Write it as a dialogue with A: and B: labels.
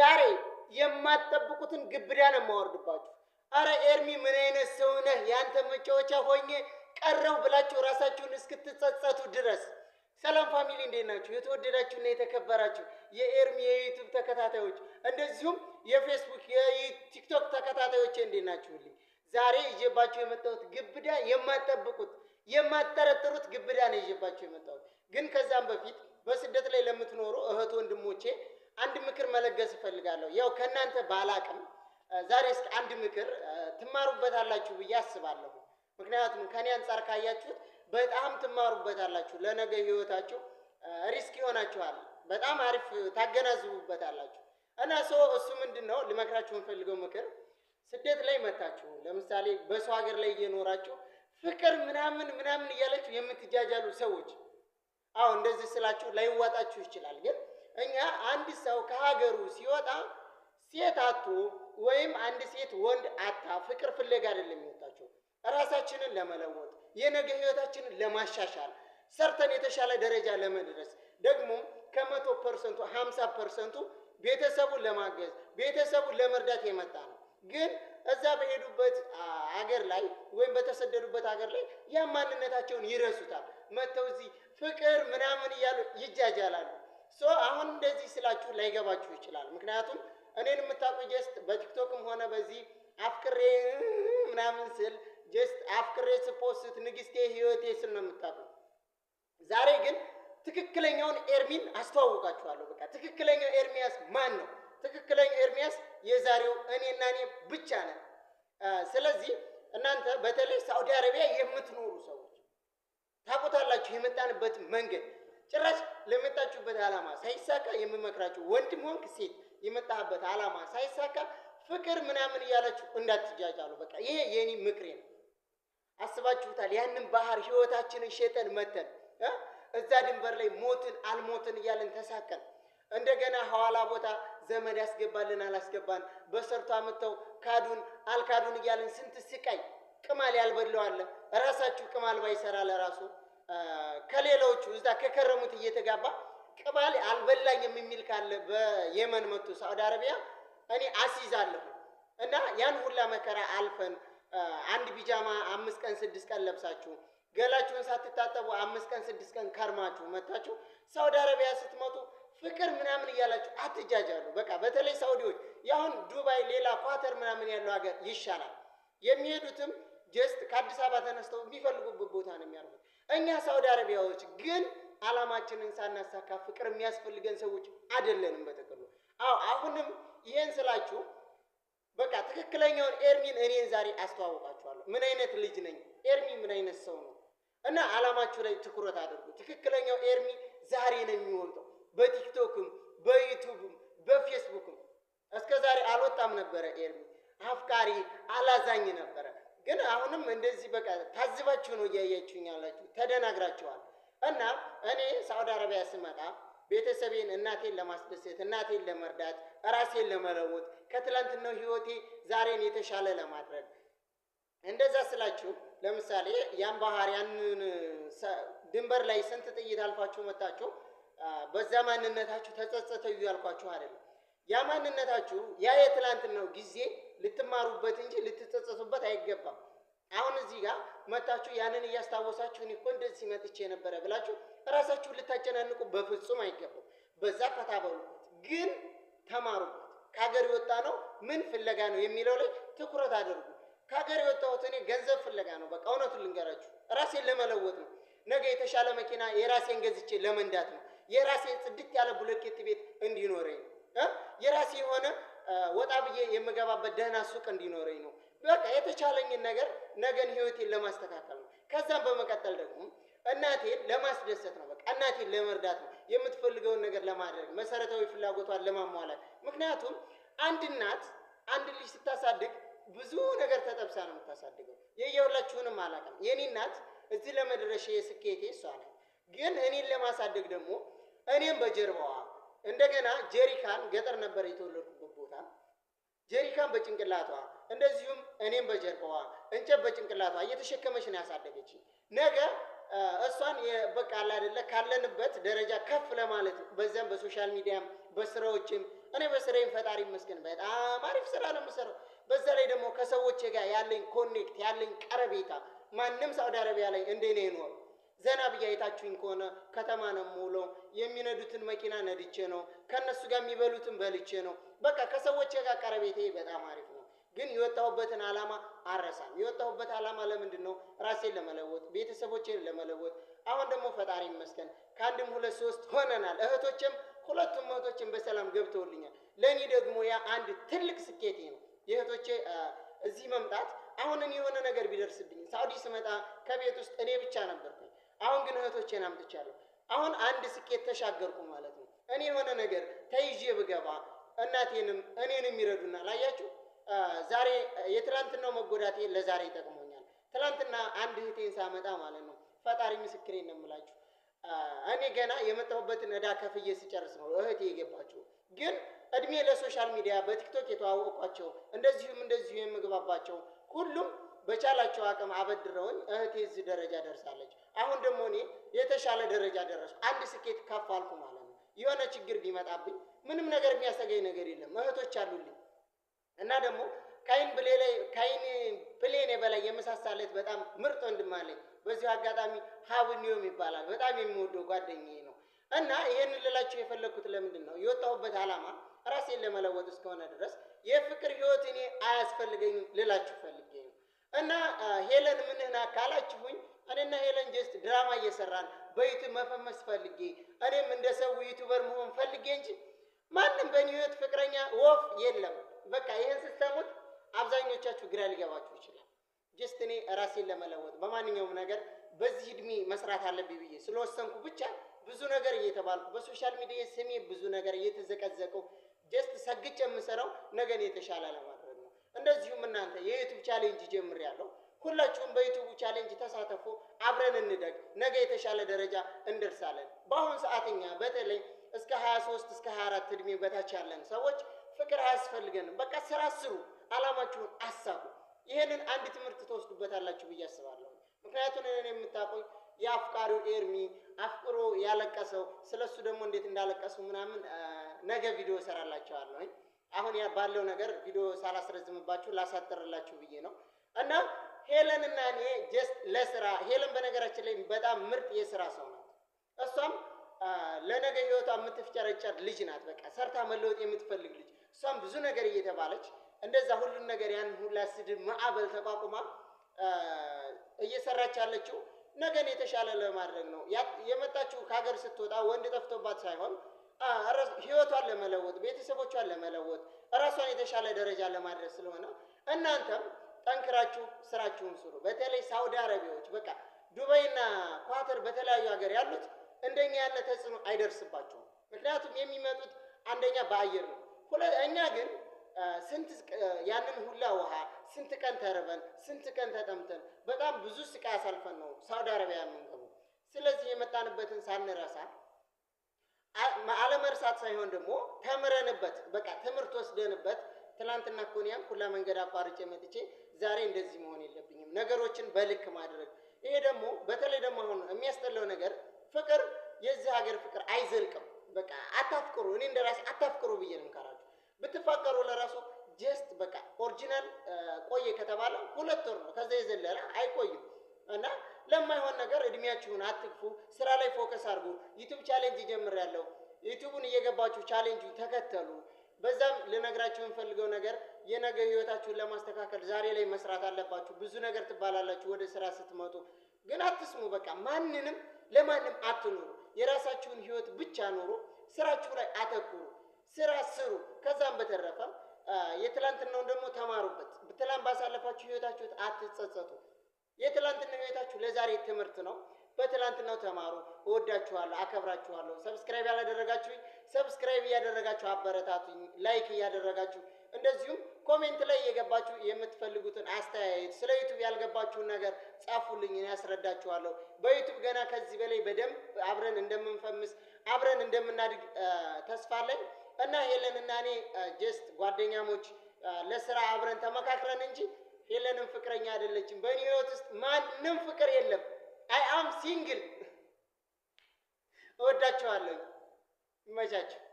A: ዛሬ የማትጠብቁትን ግብዳ ነው የማወርድባችሁ። አረ ኤርሚ ምን አይነት ሰው ነህ? ያንተ መጫወቻ ሆኜ ቀረው ብላችሁ ራሳችሁን እስክትጸጸቱ ድረስ። ሰላም ፋሚሊ እንዴት ናችሁ? የተወደዳችሁና የተከበራችሁ የኤርሚ የዩቱብ ተከታታዮች እንደዚሁም የፌስቡክ የቲክቶክ ተከታታዮች እንዴት ናችሁልኝ? ዛሬ ይዤባችሁ የመጣሁት ግብዳ የማትጠብቁት የማትጠረጥሩት ግብዳ ነው ይዤባችሁ የመጣሁት። ግን ከዛም በፊት በስደት ላይ ለምትኖሩ እህት ወንድሞቼ አንድ ምክር መለገስ እፈልጋለሁ። ያው ከእናንተ ባላቅም ዛሬ እስኪ አንድ ምክር ትማሩበታላችሁ ብዬ አስባለሁ። ምክንያቱም ከኔ አንጻር ካያችሁት በጣም ትማሩበታላችሁ፣ ለነገ ህይወታችሁ ሪስክ ይሆናችኋል። በጣም አሪፍ ታገናዝቡበታላችሁ። እና ሰው እሱ ምንድን ነው ልመክራችሁ የምፈልገው ምክር ስደት ላይ መታችሁ፣ ለምሳሌ በሰው ሀገር ላይ እየኖራችሁ ፍቅር ምናምን ምናምን እያላችሁ የምትጃጃሉ ሰዎች፣ አዎ እንደዚህ ስላችሁ ላይዋጣችሁ ይችላል ግን እኛ አንድ ሰው ከሀገሩ ሲወጣ ሴት አቶ ወይም አንድ ሴት ወንድ አታ ፍቅር ፍለጋ አይደለም የሚወጣቸው፣ እራሳችንን ለመለወጥ የነገ ህይወታችንን ለማሻሻል ሰርተን የተሻለ ደረጃ ለመድረስ ደግሞ ከመቶ ፐርሰንቱ ሀምሳ ፐርሰንቱ ቤተሰቡን ለማገዝ ቤተሰቡን ለመርዳት የመጣ ነው። ግን እዛ በሄዱበት አገር ላይ ወይም በተሰደዱበት አገር ላይ ያ ማንነታቸውን ይረሱታል። መጥተው እዚህ ፍቅር ምናምን እያሉ ይጃጃላሉ። አሁን እንደዚህ ስላችሁ ላይገባችሁ ይችላል። ምክንያቱም እኔን የምታውቁ ጀስት በቲክቶክም ሆነ በዚህ አፍቅሬ ምናምን ስል ጀስት አፍቅሬ ስፖስት ንግስቴ ህይወቴ ስል ነው የምታውቁ። ዛሬ ግን ትክክለኛውን ኤርሚን አስተዋውቃችኋለሁ። በቃ ትክክለኛው ኤርሚያስ ማን ነው? ትክክለኛው ኤርሚያስ የዛሬው እኔና እኔ ብቻ ነን። ስለዚህ እናንተ በተለይ ሳውዲ አረቢያ የምትኖሩ ሰዎች ታውቁታላችሁ የመጣንበት መንገድ ጭራሽ ለመጣችሁበት ዓላማ ሳይሳካ የምመክራችሁ ወንድም ሆንክ ሴት የመጣበት ዓላማ ሳይሳካ ፍቅር ምናምን እያላችሁ እንዳትጃጃሉ። በቃ ይሄ የኔ ምክሬ ነው። አስባችሁታል? ያንን ባህር ህይወታችንን ሸጠን መተን እዛ ድንበር ላይ ሞትን አልሞትን እያለን ተሳከን እንደገና ሐዋላ ቦታ ዘመድ ያስገባልን አላስገባን በሰርቶ አምጥተው ካዱን አልካዱን እያለን ስንት ስቃይ ቅማል ያልበለዋለ ራሳችሁ ቅማል ባይሰራ ለራሱ ከሌሎቹ እዛ ከከረሙት እየተጋባ ቅባሌ አልበላኝም የሚል ካለ በየመን መጡ ሳዑዲ አረቢያ እኔ አስይዛለሁ እና ያን ሁላ መከራ አልፈን አንድ ቢጃማ አምስት ቀን ስድስት ቀን ለብሳችሁ ገላችሁን ሳትታጠቡ አምስት ቀን ስድስት ቀን ከርማችሁ መታችሁ ሳውዲ አረቢያ ስትመጡ ፍቅር ምናምን እያላችሁ አትጃጃሉ። በቃ በተለይ ሳውዲዎች የአሁን ዱባይ፣ ሌላ ኳተር ምናምን ያለው ሀገር ይሻላል። የሚሄዱትም ጀስት ከአዲስ አበባ ተነስተው የሚፈልጉበት ቦታ ነው የሚያርፉት። እኛ ሳውዲ አረቢያዎች ግን አላማችንን ሳናሳካ ፍቅር የሚያስፈልገን ሰዎች አይደለንም። በተቀሉ አዎ፣ አሁንም ይሄን ስላችሁ በቃ ትክክለኛውን ኤርሚን እኔን ዛሬ አስተዋውቃችኋለሁ። ምን አይነት ልጅ ነኝ ኤርሚ ምን አይነት ሰው ነው እና አላማችሁ ላይ ትኩረት አድርጉ። ትክክለኛው ኤርሚ ዛሬ ነው የሚወጣው። በቲክቶክም በዩቱብም በፌስቡክም እስከ ዛሬ አልወጣም ነበረ። ኤርሚ አፍቃሪ አላዛኝ ነበረ። ግን አሁንም እንደዚህ በቃ ታዝባችሁ ነው እያያችሁኝ ያላችሁ፣ ተደናግራችኋል። እና እኔ ሳውዲ አረቢያ ስመጣ ቤተሰቤን እናቴን ለማስደሰት እናቴን ለመርዳት ራሴን ለመለወጥ ከትላንትናው ህይወቴ ዛሬን የተሻለ ለማድረግ እንደዛ ስላችሁ፣ ለምሳሌ ያን ባህር ያንን ድንበር ላይ ስንት ጥይት አልፋችሁ መታችሁ፣ በዛ ማንነታችሁ ተጸጸተዩ ያልኳችሁ አይደለም። ያ ማንነታችሁ ያ የትላንትናው ጊዜ ልትማሩበት እንጂ ልትጸጸቱበት አይገባም። አሁን እዚህ ጋር መታችሁ ያንን እያስታወሳችሁ እኔ እኮ እንደዚህ መጥቼ ነበረ ብላችሁ እራሳችሁን ልታጨናንቁ በፍጹም አይገባም። በዛ ፈታ በሉበት፣ ግን ተማሩበት። ከሀገር የወጣ ነው ምን ፍለጋ ነው የሚለው ላይ ትኩረት አድርጉ። ከሀገር የወጣሁት እኔ ገንዘብ ፍለጋ ነው። በቃ እውነቱን ልንገራችሁ፣ ራሴን ለመለወጥ ነው። ነገ የተሻለ መኪና የራሴን ገዝቼ ለመንዳት ነው። የራሴን ጽድት ያለ ብሎኬት ቤት እንዲኖረኝ የራሴ የሆነ ወጣ ብዬ የምገባበት ደህና ሱቅ እንዲኖረኝ ነው። በቃ የተቻለኝን ነገር ነገን ህይወቴን ለማስተካከል ነው። ከዛም በመቀጠል ደግሞ እናቴን ለማስደሰት ነው። በቃ እናቴን ለመርዳት ነው። የምትፈልገውን ነገር ለማድረግ መሰረታዊ ፍላጎቷን ለማሟላት። ምክንያቱም አንድ እናት አንድ ልጅ ስታሳድግ ብዙ ነገር ተጠብሳ ነው የምታሳድገው። የየሁላችሁንም አላውቅም። የኔ እናት እዚህ ለመድረሻ የስኬቴ እሷ ግን እኔን ለማሳደግ ደግሞ እኔም በጀርባዋ እንደገና ጀሪካን ገጠር ነበር የተወለድኩበት ቦታ ጀሪካን በጭንቅላቷ እንደዚሁም እኔም በጀርባዋ እንጨት በጭንቅላቷ እየተሸከመች ነው ያሳደገች። ነገ እሷን በቃ አይደለ ካለንበት ደረጃ ከፍ ለማለት በዚያም በሶሻል ሚዲያም በስራዎችም እኔ በስራዬም ፈጣሪ ይመስገን በጣም አሪፍ ስራ ነው የምሰራው። በዛ ላይ ደግሞ ከሰዎች ጋር ያለኝ ኮኔክት ያለኝ ቀረቤታ ማንም ሳውዲ አረቢያ ላይ እንደኔ ይኖር ዘና ብዬ አይታችሁኝ ከሆነ ከተማ ነው የምውለው። የሚነዱትን መኪና ነድቼ ነው፣ ከእነሱ ጋር የሚበሉትን በልቼ ነው። በቃ ከሰዎች ጋር ቀረቤቴ በጣም አሪፍ ነው። ግን የወጣሁበትን ዓላማ አረሳም። የወጣሁበት ዓላማ ለምንድን ነው? ራሴን ለመለወጥ፣ ቤተሰቦቼን ለመለወጥ። አሁን ደግሞ ፈጣሪ ይመስገን ከአንድም ሁለት ሶስት ሆነናል። እህቶችም ሁለቱም እህቶችም በሰላም ገብተውልኛል። ለእኔ ደግሞ ያ አንድ ትልቅ ስኬቴ ነው። የእህቶቼ እዚህ መምጣት አሁንም የሆነ ነገር ቢደርስብኝ ሳውዲ ስመጣ ከቤት ውስጥ እኔ ብቻ ነበርኩኝ። አሁን ግን እህቶቼን አምጥቻለሁ። አሁን አንድ ስኬት ተሻገርኩ ማለት ነው። እኔ የሆነ ነገር ተይዤ ብገባ እናቴንም እኔንም ይረዱናል። አያችሁ ዛሬ የትላንትናው መጎዳቴ ለዛሬ ይጠቅሞኛል። ትላንትና አንድ እህቴን ሳመጣ ማለት ነው ፈጣሪ ምስክሬ ነው የምላችሁ እኔ ገና የመጣሁበትን እዳ ከፍዬ ስጨርስ ነው እህቴ የገባችሁ። ግን እድሜ ለሶሻል ሚዲያ በቲክቶክ የተዋወቋቸው እንደዚሁም እንደዚሁ የምግባባቸው ሁሉም በቻላቸው አቅም አበድረውኝ እህቴ እዚህ ደረጃ ደርሳለች። አሁን ደግሞ እኔ የተሻለ ደረጃ ደረሱ አንድ ስኬት ከፍ አልኩ ማለት ነው። የሆነ ችግር ቢመጣብኝ ምንም ነገር የሚያሰገኝ ነገር የለም። እህቶች አሉልኝ እና ደግሞ ካይን ፕሌን በላይ የመሳሳለት በጣም ምርጥ ወንድም አለኝ። በዚሁ አጋጣሚ ሀብኒዮም ይባላል በጣም የሚወደው ጓደኛዬ ነው እና ይሄን ልላችሁ የፈለግኩት ለምንድን ነው የወጣሁበት ዓላማ ራሴን ለመለወጥ እስከሆነ ድረስ የፍቅር ህይወት እኔ አያስፈልገኝም ልላችሁ ፈልጌ ነው እና ሄለን ምንህና ካላችሁኝ እኔና ሄለን ጀስት ድራማ እየሰራን በዩቱብ መፈመስ ፈልጌ እኔም እንደ ሰው ዩቱበር መሆን ፈልጌ እንጂ ማንም በእኔ ህይወት ፍቅረኛ ወፍ የለም። በቃ ይህን ስትሰሙት አብዛኞቻችሁ ግራ ሊገባችሁ ይችላል። ጀስት እኔ ራሴን ለመለወጥ በማንኛውም ነገር በዚህ እድሜ መስራት አለብኝ ብዬ ስለወሰንኩ ብቻ ብዙ ነገር እየተባልኩ በሶሻል ሚዲያ ስሜ ብዙ ነገር እየተዘቀዘቀው ጀስት ሰግጬ የምሰራው ነገን የተሻለ ለማድረግ ነው። እንደዚሁም እናንተ የዩቱብ ቻሌንጅ ጀምሬያለሁ ሁላችሁም በዩቱቡ ቻሌንጅ ተሳተፉ። አብረን እንደግ፣ ነገ የተሻለ ደረጃ እንደርሳለን። በአሁኑ ሰዓትኛ በተለይ እስከ 23 እስከ 24 እድሜ በታች ያለን ሰዎች ፍቅር አያስፈልገንም። በቃ ስራ ስሩ፣ አላማችሁን አሳቡ። ይህንን አንድ ትምህርት ትወስዱበታላችሁ ብዬ አስባለሁ። ምክንያቱም እኔን የምታቆይ የአፍቃሪው ኤርሚ አፍቅሮ ያለቀሰው ስለሱ ደግሞ እንዴት እንዳለቀሰው ምናምን ነገ ቪዲዮ እሰራላችኋለሁኝ። አሁን ባለው ነገር ቪዲዮ ሳላስረዝምባችሁ ላሳጥርላችሁ ብዬ ነው እና ሄለን እና እኔ ጀስት ለስራ ሄለን በነገራችን ላይ በጣም ምርጥ የስራ ሰው ናት። እሷም ለነገ ህይወቷ የምትፍጨረጨር ልጅ ናት። በቃ ሰርታ መለወጥ የምትፈልግ ልጅ። እሷም ብዙ ነገር እየተባለች እንደዛ ሁሉን ነገር ያን ሁላ ስድብ ማዕበል ተቋቁማ እየሰራች ያለችው ነገን የተሻለ ለማድረግ ነው። የመጣችው ከሀገር ስትወጣ ወንድ ጠፍቶባት ሳይሆን ህይወቷን ለመለወጥ ቤተሰቦቿን ለመለወጥ እራሷን የተሻለ ደረጃ ለማድረስ ስለሆነ እናንተም ጠንክራችሁ ስራችሁን ስሩ። በተለይ ሳውዲ አረቢያዎች በቃ ዱባይና ኳተር በተለያዩ ሀገር ያሉት እንደኛ ያለ ተጽዕኖ አይደርስባቸውም። ምክንያቱም የሚመጡት አንደኛ በአየር ነው። እኛ ግን ስንት ያንን ሁላ ውሃ ስንት ቀን ተርበን ስንት ቀን ተጠምተን በጣም ብዙ ስቃይ አሳልፈን ነው ሳውዲ አረቢያ የምንገቡ። ስለዚህ የመጣንበትን ሳንረሳ አለመርሳት ሳይሆን ደግሞ ተምረንበት በቃ ትምህርት ወስደንበት ትላንትና እኮ እኔ ሁላ መንገድ አቋርጬ መጥቼ ዛሬ እንደዚህ መሆን የለብኝም። ነገሮችን በልክ ማድረግ። ይሄ ደግሞ በተለይ ደግሞ አሁን የሚያስጠላው ነገር ፍቅር፣ የዚህ ሀገር ፍቅር አይዘልቅም። በቃ አታፍቅሩ። እኔ እንደራሴ አታፍቅሩ ብዬ ነው ብትፋቀሩ ለራሱ ጀስት በቃ ኦሪጂናል ቆየ ከተባለ ሁለት ወር ነው። ከዛ የዘለለ አይቆይም። እና ለማይሆን ነገር እድሜያችሁን አትግፉ። ስራ ላይ ፎከስ አድርጉ። ዩቱብ ቻሌንጅ ጀምር ያለው ዩቱቡን እየገባችሁ ቻሌንጁ ተከተሉ። በዛም ልነግራችሁ የምፈልገው ነገር የነገ ህይወታችሁን ለማስተካከል ዛሬ ላይ መስራት አለባችሁ። ብዙ ነገር ትባላላችሁ ወደ ስራ ስትመጡ፣ ግን አትስሙ። በቃ ማንንም ለማንም አትኑሩ። የራሳችሁን ህይወት ብቻ ኑሩ። ስራችሁ ላይ አተኩሩ። ስራ ስሩ። ከዛም በተረፈ የትላንትናውን ደግሞ ተማሩበት። ትላንት ባሳለፋችሁ ህይወታችሁ አትጸጸቱ። የትላንትና ህይወታችሁ ለዛሬ ትምህርት ነው። በትላንትናው ተማሩ። እወዳችኋለሁ፣ አከብራችኋለሁ። ሰብስክራይብ ያላደረጋችሁኝ ሰብስክራይብ እያደረጋችሁ አበረታቱኝ፣ ላይክ እያደረጋችሁ እንደዚሁም ኮሜንት ላይ የገባችሁ የምትፈልጉትን አስተያየት ስለ ዩቱብ ያልገባችሁን ነገር ጻፉልኝ፣ ያስረዳችኋለሁ። በዩቱብ ገና ከዚህ በላይ በደንብ አብረን እንደምንፈምስ አብረን እንደምናድግ ተስፋ አለኝ እና ሄለን እና እኔ ጀስት ጓደኛሞች ለስራ አብረን ተመካክረን እንጂ ሄለንም ፍቅረኛ አይደለችም። በእኔ ህይወት ውስጥ ማንም ፍቅር የለም። አይ አም ሲንግል። እወዳችኋለሁ። imagético.